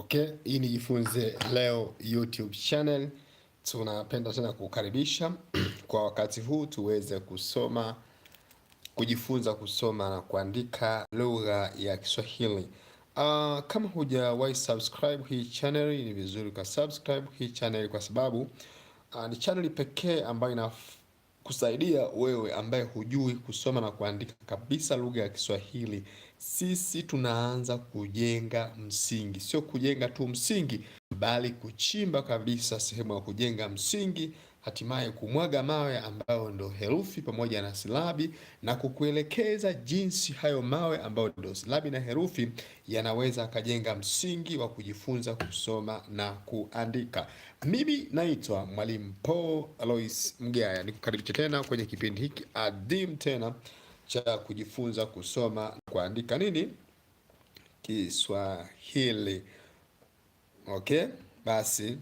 Okay, hii ni Jifunze Leo YouTube channel. Tunapenda tena kukaribisha kwa wakati huu tuweze kusoma, kujifunza kusoma na kuandika lugha ya Kiswahili. Uh, kama hujawahi subscribe hii channel, ni vizuri ka subscribe hii channel kwa sababu uh, ni channel pekee ambayo inakusaidia wewe ambaye hujui kusoma na kuandika kabisa lugha ya Kiswahili sisi tunaanza kujenga msingi, sio kujenga tu msingi, bali kuchimba kabisa sehemu ya kujenga msingi, hatimaye kumwaga mawe ambayo ndo herufi pamoja na silabi, na kukuelekeza jinsi hayo mawe ambayo ndo silabi na herufi yanaweza akajenga msingi wa kujifunza kusoma na kuandika. Mimi naitwa Mwalimu Paul Alois Mgaya, nikukaribisha tena kwenye kipindi hiki adhimu tena cha kujifunza kusoma na kuandika nini Kiswahili. Okay, basi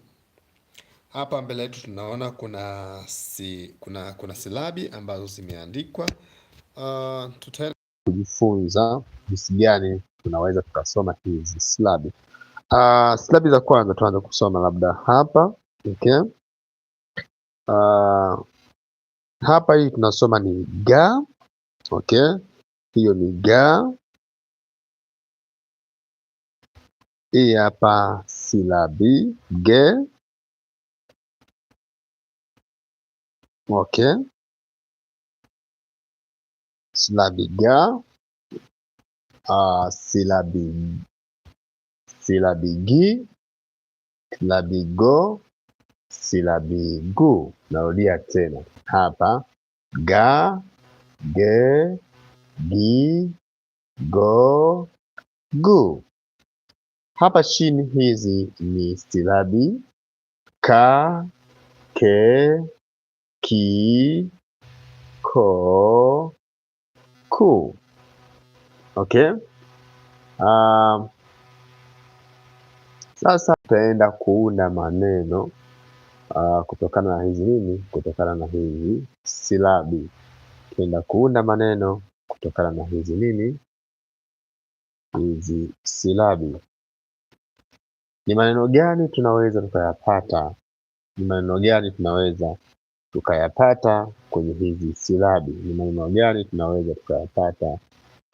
hapa mbele yetu tunaona kuna, si, kuna, kuna silabi ambazo zimeandikwa. Uh, tutaenda kujifunza jinsi gani tunaweza tukasoma hizi silabi. Uh, silabi za kwanza tuanze kusoma labda hapa okay. Uh, hapa hii tunasoma ni ga Ok, yon li ga. Ok, yon li ga. E apan silabi ge. Ok. Silabi ga. Silabi gi. Silabi go. Silabi gu. Na ou li atene. Apan ga. Ga. g D, go, gu. Hapa chini hizi ni silabi ka, ke, ki, ko, ku. Okay? Um, sasa tutaenda kuunda maneno uh, kutokana na hizi nini, kutokana na hizi silabi napenda kuunda maneno kutokana na hizi nini, hizi silabi. Ni maneno gani tunaweza tukayapata? Ni maneno gani tunaweza tukayapata kwenye hizi silabi? Ni maneno gani tunaweza tukayapata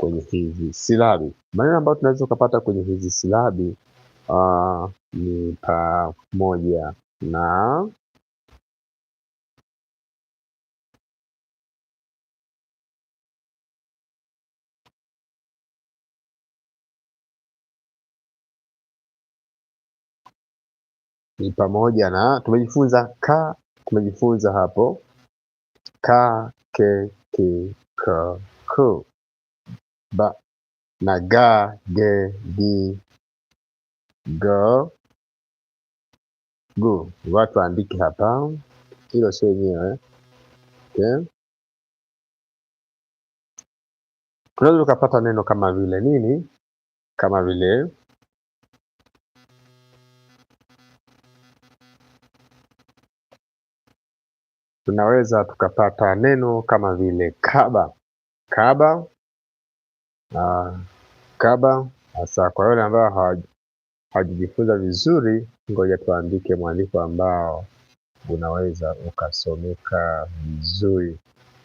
kwenye hizi silabi? Maneno ambayo tunaweza tukapata kwenye hizi silabi uh, ni pamoja na ni pamoja na tumejifunza ka, tumejifunza hapo ka, ke, ki, ka, ku, ba na ga, ge, gi, go, gu. Watu waandike hapa, hilo sio wenyewe okay. Tunaweza tukapata neno kama vile nini, kama vile tunaweza tukapata neno kama vile kaba kaba uh, kaba. hasa kwa wale ambao hawajijifunza vizuri, ngoja tuandike mwandiko ambao unaweza ukasomeka vizuri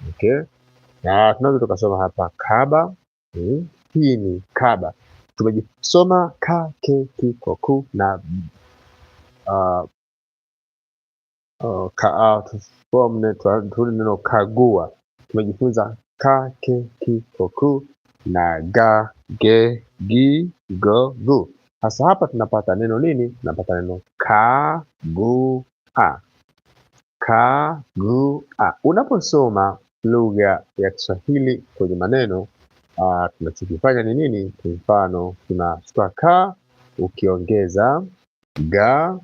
okay. Na tunaweza tukasoma hapa kaba hmm. Hii ni kaba, tumejisoma ka ke ki ko ku na uh, uh, neno kagua. Tumejifunza ka ke ki ko ku na ga ge gi go gu. Sasa hapa tunapata neno nini? Tunapata neno ka gu a ka gu a. Unaposoma lugha ya Kiswahili kwenye maneno uh, tunachokifanya ni nini? Kwa mfano tunachukua ka ukiongeza ga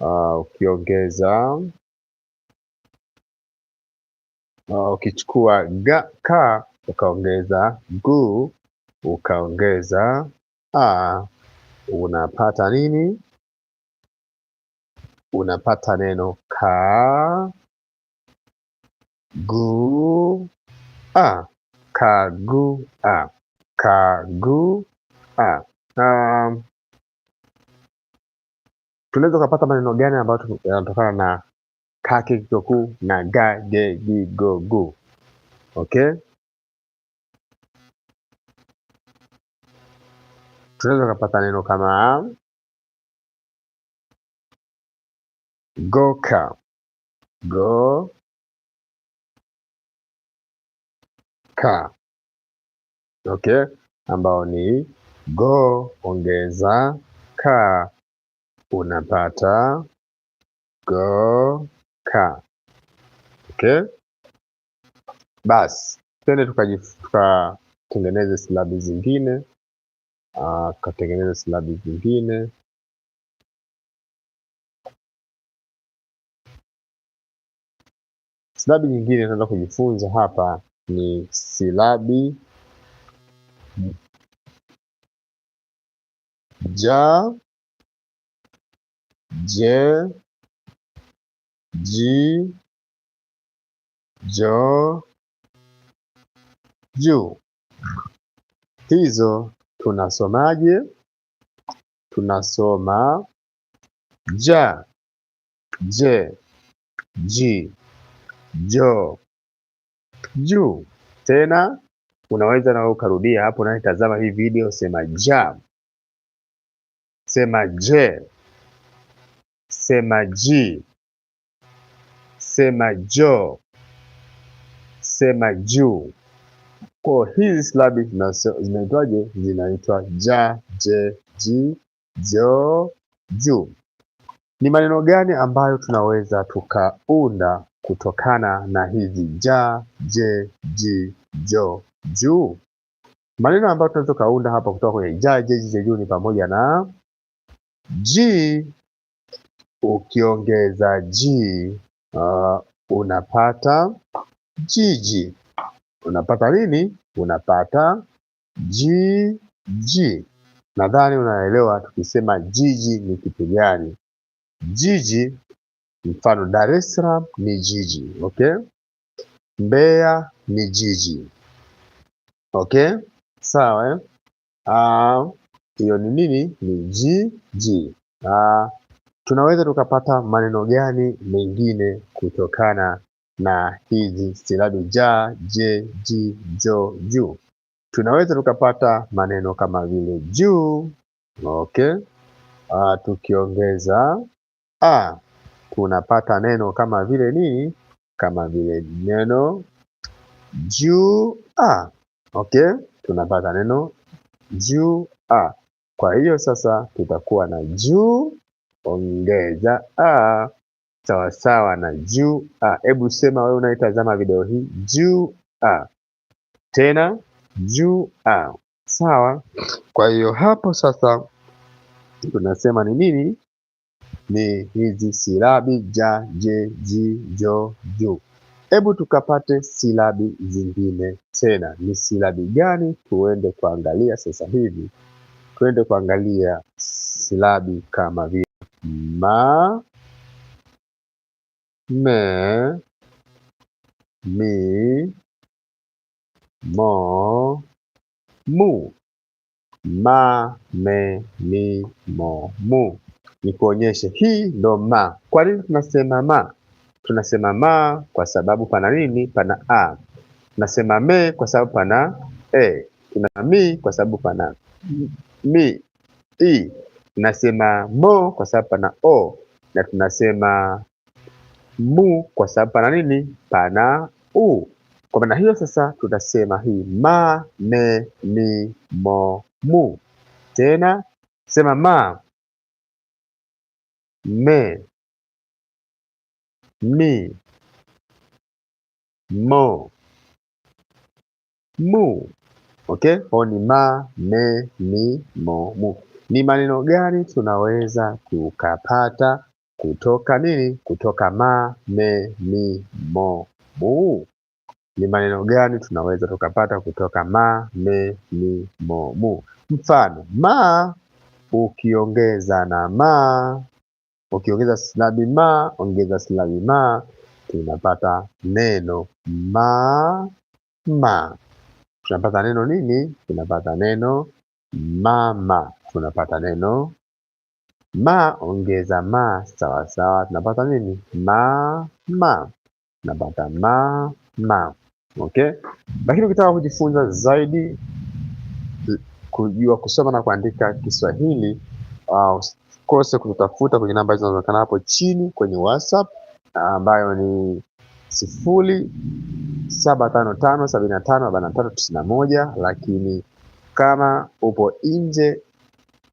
uh, ukiongeza uh, ukichukua ga, ka ukaongeza gu ukaongeza a unapata nini? Unapata neno ka gu a kagua kagua. Um, tunaweza kupata maneno gani ambayo yanatokana na kake kikoku na ga ge gi go gu okay? tunaweza ukapata neno kama goka go ka okay, ambao ni go ongeza ka unapata go ka. Okay, basi twende tukatengeneze silabi zingine, ah, tukatengeneza silabi zingine silabi nyingine tunaenda kujifunza hapa ni silabi ja J, G, Jo, Ju. Hizo tunasomaje? Tunasoma ja, je, ji, jo, ju. Tena unaweza na ukarudia hapo, naitazama hii video, sema ja, sema je sema ji, sema jo, sema juu. Kwa hizi silabi zinaitwaje? Zinaitwa ja, je, ji, jo, juu. Ni maneno gani ambayo tunaweza tukaunda kutokana na hizi ja, je, ji, jo, juu? Maneno ambayo tunaweza tukaunda hapa kutoka kwenye ja, je, ji, jo, juu ni pamoja na ji Ukiongeza G uh, unapata jiji. Unapata nini? Unapata jiji. Nadhani unaelewa tukisema jiji ni kitu gani. Jiji mfano, Dar es Salaam ni jiji, okay. Mbeya ni jiji, okay, sawa. Eh? Ah, hiyo ni nini? Ni jiji tunaweza tukapata maneno gani mengine kutokana na hizi silabi ja, je, ji, jo, ju? Tunaweza tukapata maneno kama vile juu, okay. Uh, tukiongeza a tunapata neno kama vile nini? Kama vile neno juu a, okay, tunapata neno juu a. Kwa hiyo sasa tutakuwa na juu ongeza a sawasawa na juu a. Hebu sema wewe unaitazama video hii, juu a, tena juu a, sawa. Kwa hiyo hapo sasa tunasema ni nini? Ni hizi silabi ja, je, ji, jo, ju. Hebu tukapate silabi zingine tena, ni silabi gani? Tuende kuangalia sasa hivi, tuende kuangalia silabi kama vile ma, me, mi, mo, mu. Ma, me, mi, mo, mu ni kuonyeshe hii ndo ma. Kwa nini tunasema ma? Tunasema ma kwa sababu pana nini? Pana a. Tunasema me kwa sababu pana e. Tuna mi kwa sababu pana mi i tunasema mo kwa sababu pana o, na tunasema mu kwa sababu pana nini? Pana u. Kwa maana hiyo sasa tutasema hii ma me ni mo mu. Tena sema ma me mi mo mu. Okay, honi ma me mi mo mu. Ni maneno gani tunaweza tukapata kutoka nini? Kutoka ma, me, mi, mo, mu. Ni maneno gani tunaweza tukapata kutoka ma, me, mi, mo, mu? Mfano, ma ukiongeza na ma, ukiongeza silabi ma, ongeza silabi ma, tunapata neno ma, ma. Tunapata neno nini? Tunapata neno mama tunapata neno ma. Ongeza ma sawa sawa tunapata nini? Ma ma, tunapata ma ma. Okay, lakini ukitaka kujifunza zaidi kujua kusoma na kuandika Kiswahili uh, usikose kututafuta kwenye namba zinazoonekana hapo chini kwenye WhatsApp ambayo ni sifuri saba tano tano sabini na tano arobaini na tatu tisini na moja. Lakini kama upo nje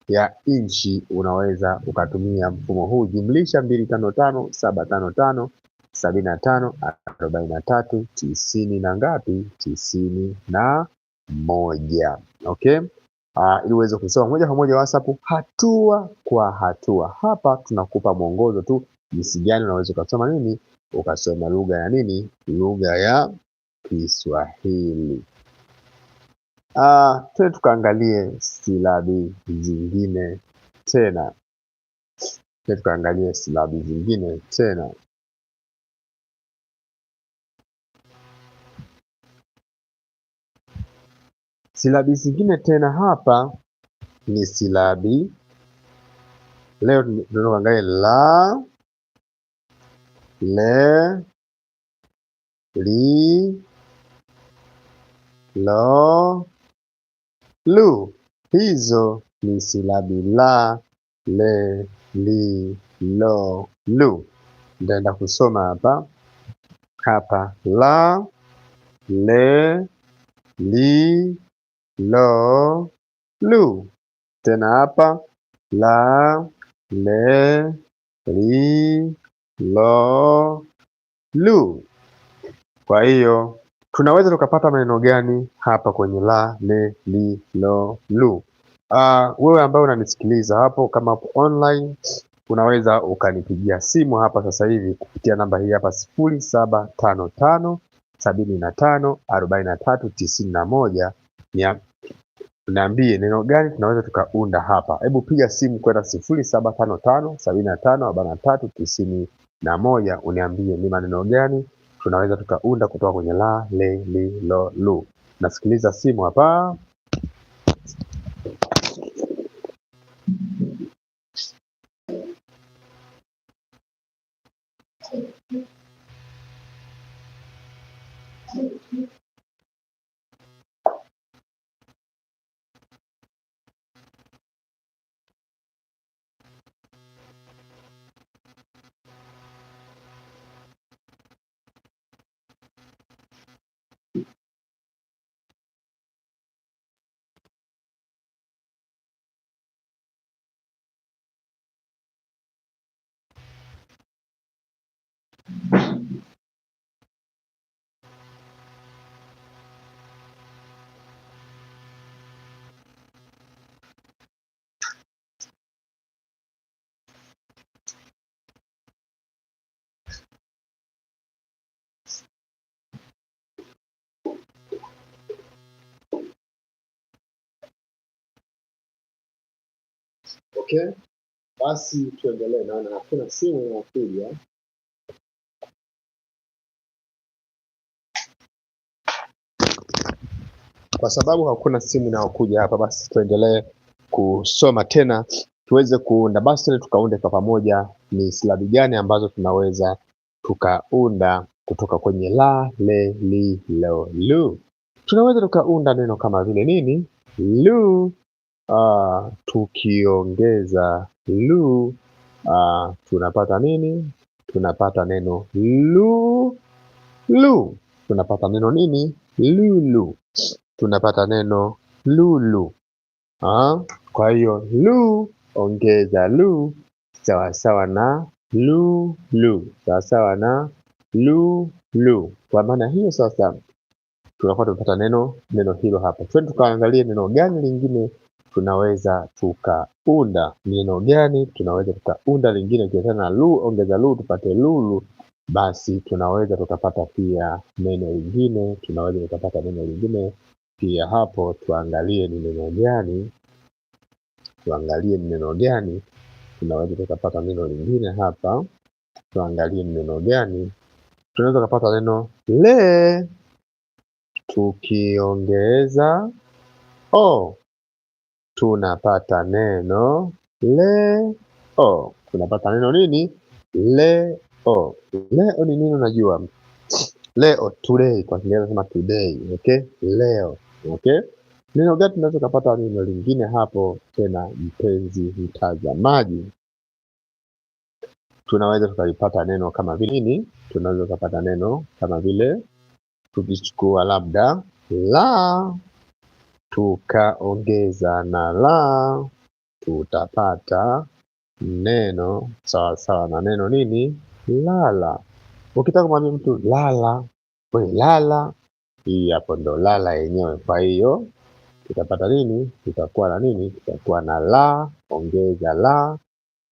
ya nchi, unaweza ukatumia mfumo huu jumlisha mbili tano tano tano tano tano saba sabini na arobaini na tatu tisini na ngapi? tisini na moja. Okay, uh, ili uweze kusoma moja kwa moja WhatsApp hatua kwa hatua. Hapa tunakupa mwongozo tu jinsi gani unaweza ukasoma nini, ukasoma lugha ya nini, lugha ya Kiswahili. Ah, tuende tukaangalie silabi zingine tena, tuende tukaangalie silabi zingine tena. Silabi zingine tena hapa ni silabi, leo tunaenda la, le, li, lo lu. Hizo ni silabi la, le, li, lo, lu. Ndaenda kusoma hapa hapa, la, le, li, lo, lu. Tena hapa la, le, li, lo, lu. Kwa hiyo tunaweza tukapata maneno gani hapa kwenye la, le, li, lo, lu? Uh, wewe ambaye unanisikiliza hapo, kama upo online, unaweza ukanipigia simu hapa sasa hivi kupitia namba hii hapa sifuri saba tano tano sabini na tano arobaini na tatu tisini na moja Niambie neno gani tunaweza tukaunda hapa. Hebu piga simu kwenda sifuri saba tano tano sabini na tano arobaini na tatu tisini na moja uniambie ni maneno gani tunaweza tukaunda kutoka kwenye la, le, li, lo, lu. Nasikiliza simu hapa. Okay, basi tuendelee, naona hakuna simu inakuja. kwa sababu hakuna simu inayokuja hapa. Basi tuendelee kusoma tena tuweze kuunda basi, tukaunde kwa pamoja ni silabi gani ambazo tunaweza tukaunda kutoka kwenye la, le, li, lo, lu. Tunaweza tukaunda neno kama vile nini? Lu. Uh, tukiongeza lu uh, tunapata nini? Tunapata neno lu lu. Tunapata neno nini? Lulu tunapata neno lulu. Ha? Ah? Kwa hiyo lu, ongeza lu sawasawa na lulu, sawasawa na lulu. Kwa maana hiyo sasa tunakuwa tumepata neno neno hilo hapa Twende tukaangalie neno gani lingine tunaweza tukaunda, neno gani tunaweza tukaunda lingine ukiachana na lu, ongeza lu tupate lulu basi tunaweza tukapata pia neno lingine, tunaweza tukapata neno lingine pia hapo tuangalie ni neno gani, tuangalie ni neno gani tunaweza tukapata neno lingine hapa. Tuangalie ni neno gani tunaweza tukapata neno le tukiongeza o tunapata neno le o. Tunapata neno nini? le Leo ni nini? Unajua leo, today, kwa Kiingereza nasema today. Okay, leo Okay, neno gani tunaweza kupata neno lingine hapo tena, mpenzi mtazamaji? Tunaweza tukalipata neno kama vile nini? Tunaweza tukapata neno kama vile tukichukua labda la tukaongeza na la, tutapata neno sawa sawa na neno nini? Lala. Ukitaka kumwambia mtu lala, we lala hii hapo ndo lala yenyewe. Kwa hiyo tutapata nini? Tutakuwa na nini? Tutakuwa na la ongeza la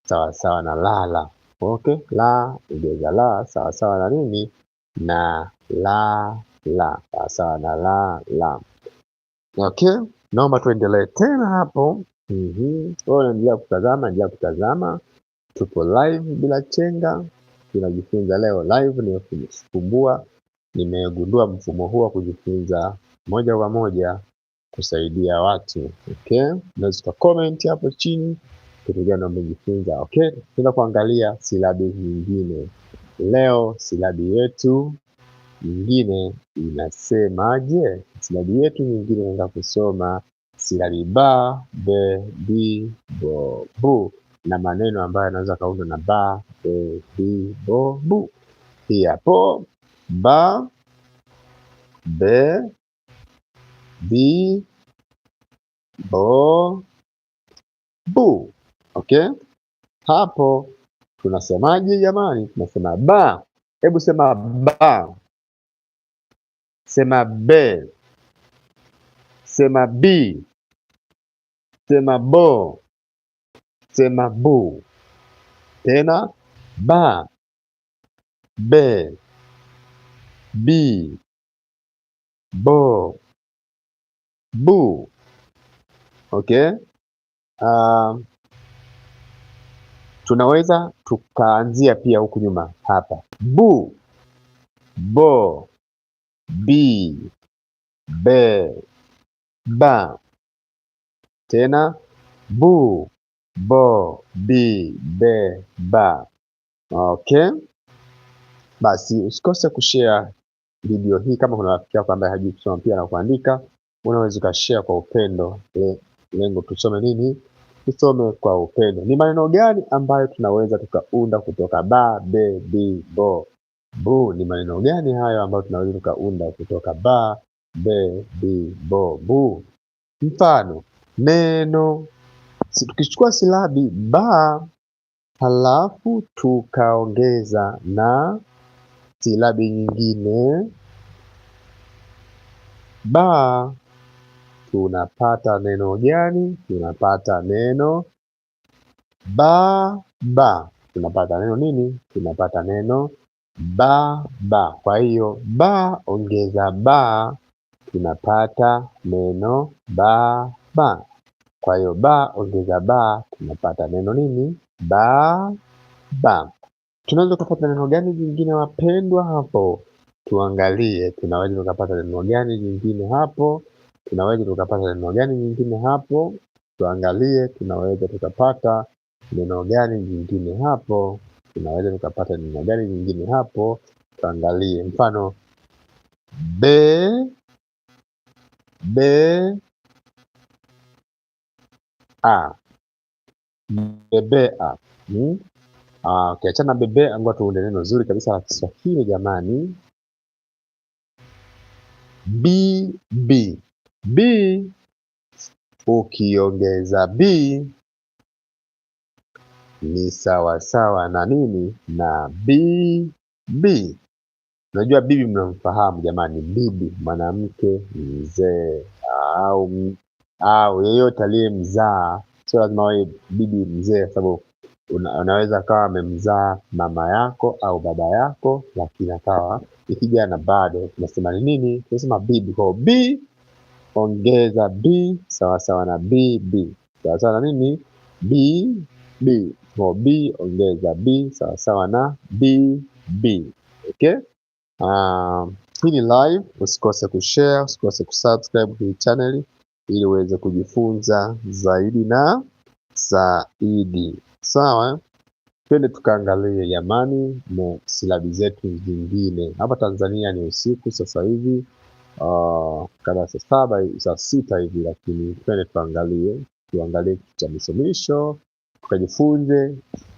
sawasawa na lala. Okay, la ongeza la sawa na nini? Na la la sawasawa na la la. Okay, naomba tuendelee tena hapo. Mm-hmm. kutazama, endelea kutazama. Tupo live bila chenga, tunajifunza leo. Live ni Nimegundua mfumo huu wa kujifunza moja kwa moja kusaidia watu. Okay, unaweza comment hapo chini kitu gani umejifunza. Okay, tunaenda kuangalia silabi nyingine leo. Silabi yetu nyingine inasemaje? Silabi yetu nyingine inaenda kusoma silabi ba, be, bi, bo, bu na maneno ambayo yanaweza kaundwa na ba, be, bi, bo, bu. Pia hapo ba, be, bi, bo, bu. Okay, hapo tunasemaje jamani? Tunasema ba. Hebu sema ba, sema be, sema bi, sema bo, sema bu. Tena ba, be B bo, bu. Okay? Uh, tunaweza tukaanzia pia huku nyuma hapa, bu, bo, bi, be, ba. Tena bu, bo, bi, be, ba. Okay? Basi usikose kushare video hii kama kuna rafiki yako ambaye hajui kusoma pia na kuandika, unaweza ukashare kwa upendo. E, lengo tusome nini? Tusome kwa upendo. Ni maneno gani ambayo tunaweza tukaunda kutoka ba, be, bi, bo, bu? Ni maneno gani hayo ambayo tunaweza tukaunda kutoka ba, be, bi, bo, bu? Mfano neno tukichukua silabi ba halafu tukaongeza na silabi nyingine. Ba tunapata neno gani? Tunapata neno ba. Tunapata neno nini? Tunapata neno ba. Kwa hiyo ba ongeza ba, tunapata neno ba. Kwa hiyo ba ongeza ba, tunapata neno nini? ba. Tunaweza tukapata neno gani jingine wapendwa hapo? Tuangalie, tunaweza tukapata neno gani jingine hapo? Tunaweza tukapata neno gani jingine hapo? Tuangalie, tunaweza tukapata neno gani jingine hapo? Tunaweza tukapata neno gani jingine hapo? Tuangalie mfano be be a bebea hmm? Ah, ukiachana bebe angua tuunde neno zuri kabisa la Kiswahili jamani. B, B. B ukiongeza B ni sawasawa na nini? Na B, B. Unajua bibi mnamfahamu jamani, bibi mwanamke mzee au au yeyote aliyemzaa, sio lazima wawe bibi mzee, sababu Unaweza akawa amemzaa mama yako au baba yako, lakini akawa ni kijana bado. Tunasema ni nini? Tunasema bibi. Kwa b ongeza b sawasawa na bb sawasawa na nini? b Kwa b ongeza b sawasawa na bb. Okay. Uh, hii ni live, usikose kushare, usikose kusubscribe hii chaneli ili uweze kujifunza zaidi na zaidi. Sawa, twende tukaangalie jamani, na silabi zetu zingine. Hapa Tanzania ni usiku sasa hivi uh, kada saa saba saa sita hivi, lakini twende tuangalie tuangalie kitu cha misomisho tukajifunze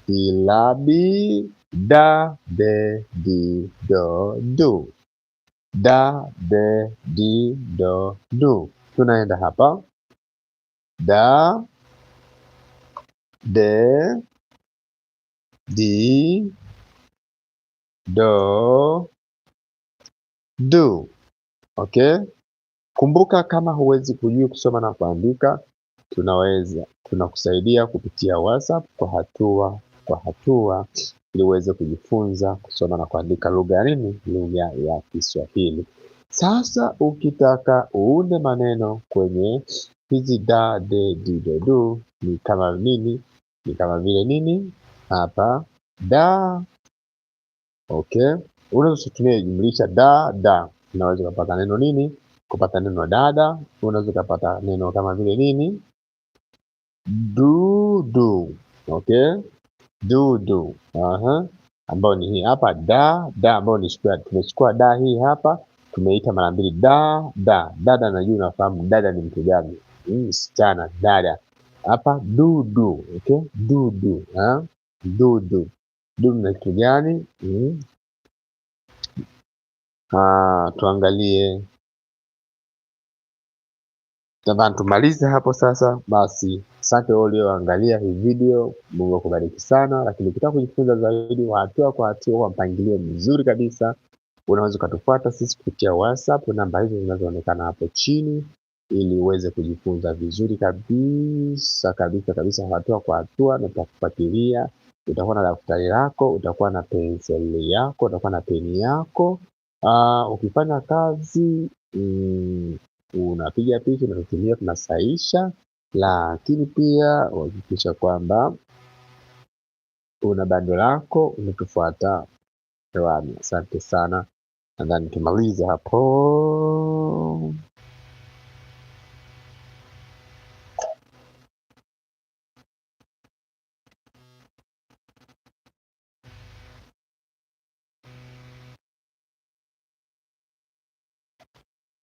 silabi da de di do du da de di do du. Tunaenda hapa da de, di, do, do. Okay? Kumbuka kama huwezi kujua kusoma na kuandika, tunaweza tunakusaidia kupitia WhatsApp kwa hatua kwa hatua, ili uweze kujifunza kusoma na kuandika lugha ya nini? Lugha ya Kiswahili. Sasa ukitaka uunde maneno kwenye hizi da, de, di, do, du, ni kama nini? ni kama vile nini hapa da. Okay, unaweza kutumia jumlisha da da, unaweza kupata neno nini, kupata neno dada. Unaweza kupata neno kama vile nini dudu. Okay, dudu aha, ambayo ni hii hapa da da, ambayo ni square. Tumechukua da hii hapa tumeita mara mbili da da. Dada najua unafahamu dada ni mtu gani? Hmm, msichana. Dada hapa dudu okay? dudu ha? dudu dudu na kitu gani mm. Ah, tuangalie taban, tumalize hapo sasa. Basi asante ulioangalia hii video, Mungu akubariki sana. Lakini ukitaka kujifunza zaidi hatua kwa hatua kwa mpangilio mzuri kabisa, unaweza ukatufuata sisi kupitia WhatsApp namba hizo zinazoonekana hapo chini ili uweze kujifunza vizuri kabisa kabisa kabisa, hatua kwa hatua, na utakufuatilia. Utakuwa na daftari lako, utakuwa na penseli yako, utakuwa na peni yako. Uh, ukifanya kazi mm, unapiga picha, unatutumia, tunasaisha. Lakini pia uhakikisha kwamba una bando lako, unatufuata hewani. Asante sana, nadhani tumalize hapo.